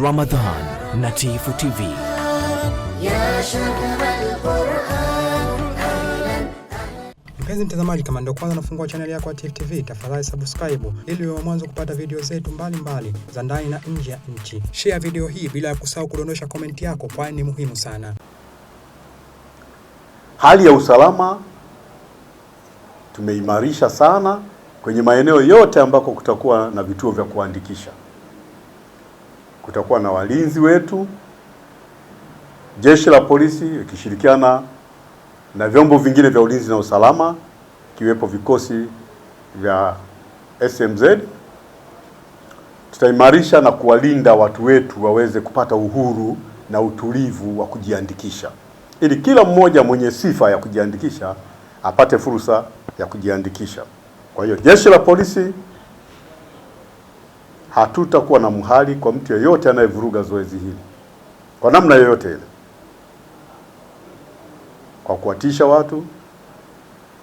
ramadan na Tifu TV. Mpenzi mtazamaji, kama ndio kwanza nafungua chaneli yako ya Tifu TV, tafadhali subscribe ili uwe mwanzo kupata video zetu mbalimbali za ndani na nje ya nchi. Share video hii bila ya kusahau kudondosha komenti yako, kwani ni muhimu sana. Hali ya usalama tumeimarisha sana kwenye maeneo yote ambako kutakuwa na vituo vya kuandikisha kutakuwa na walinzi wetu, jeshi la polisi ikishirikiana na vyombo vingine vya ulinzi na usalama ikiwepo vikosi vya SMZ. Tutaimarisha na kuwalinda watu wetu waweze kupata uhuru na utulivu wa kujiandikisha, ili kila mmoja mwenye sifa ya kujiandikisha apate fursa ya kujiandikisha. Kwa hiyo jeshi la polisi hatutakuwa na mhali kwa mtu yeyote anayevuruga zoezi hili kwa namna yoyote ile, kwa kuwatisha watu,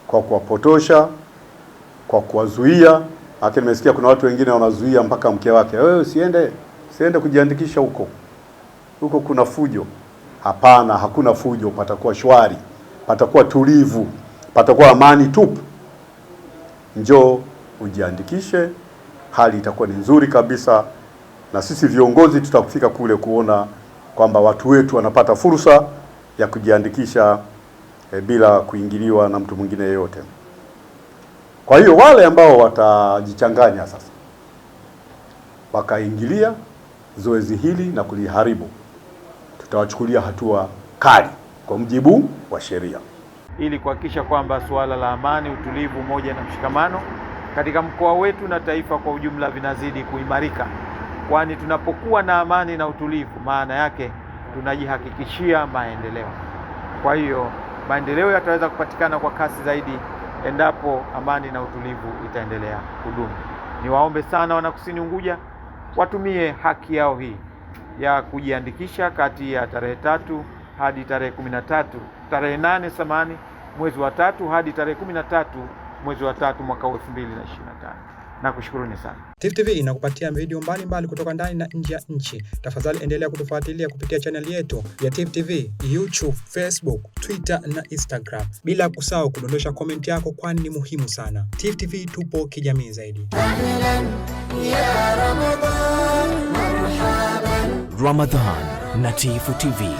kwa kuwapotosha, kwa kuwazuia. Hata nimesikia kuna watu wengine wanazuia mpaka mke wake, wewe usiende, usiende kujiandikisha huko, huko kuna fujo. Hapana, hakuna fujo, patakuwa shwari, patakuwa tulivu, patakuwa amani tupu. Njoo ujiandikishe hali itakuwa ni nzuri kabisa, na sisi viongozi tutafika kule kuona kwamba watu wetu wanapata fursa ya kujiandikisha e, bila kuingiliwa na mtu mwingine yeyote. Kwa hiyo wale ambao watajichanganya sasa wakaingilia zoezi hili na kuliharibu, tutawachukulia hatua kali kwa mujibu wa sheria, ili kuhakikisha kwamba suala la amani, utulivu, umoja na mshikamano katika mkoa wetu na taifa kwa ujumla vinazidi kuimarika, kwani tunapokuwa na amani na utulivu, maana yake tunajihakikishia maendeleo. Kwa hiyo maendeleo yataweza kupatikana kwa kasi zaidi endapo amani na utulivu itaendelea kudumu. Niwaombe sana wanakusini Unguja watumie haki yao hii ya kujiandikisha kati ya tarehe tatu hadi tarehe kumi na tatu tarehe nane samani mwezi wa tatu hadi tarehe kumi na tatu mwezi wa tatu mwaka 2025. Nakushukuruni sana. Tifu TV inakupatia video mbalimbali kutoka ndani na nje ya nchi. Tafadhali endelea kutufuatilia kupitia chaneli yetu ya Tifu TV, YouTube, Facebook, Twitter na Instagram, bila kusahau kudondosha komenti yako, kwani ni muhimu sana. Tifu TV tupo kijamii zaidi. Ramadan na Tifu TV.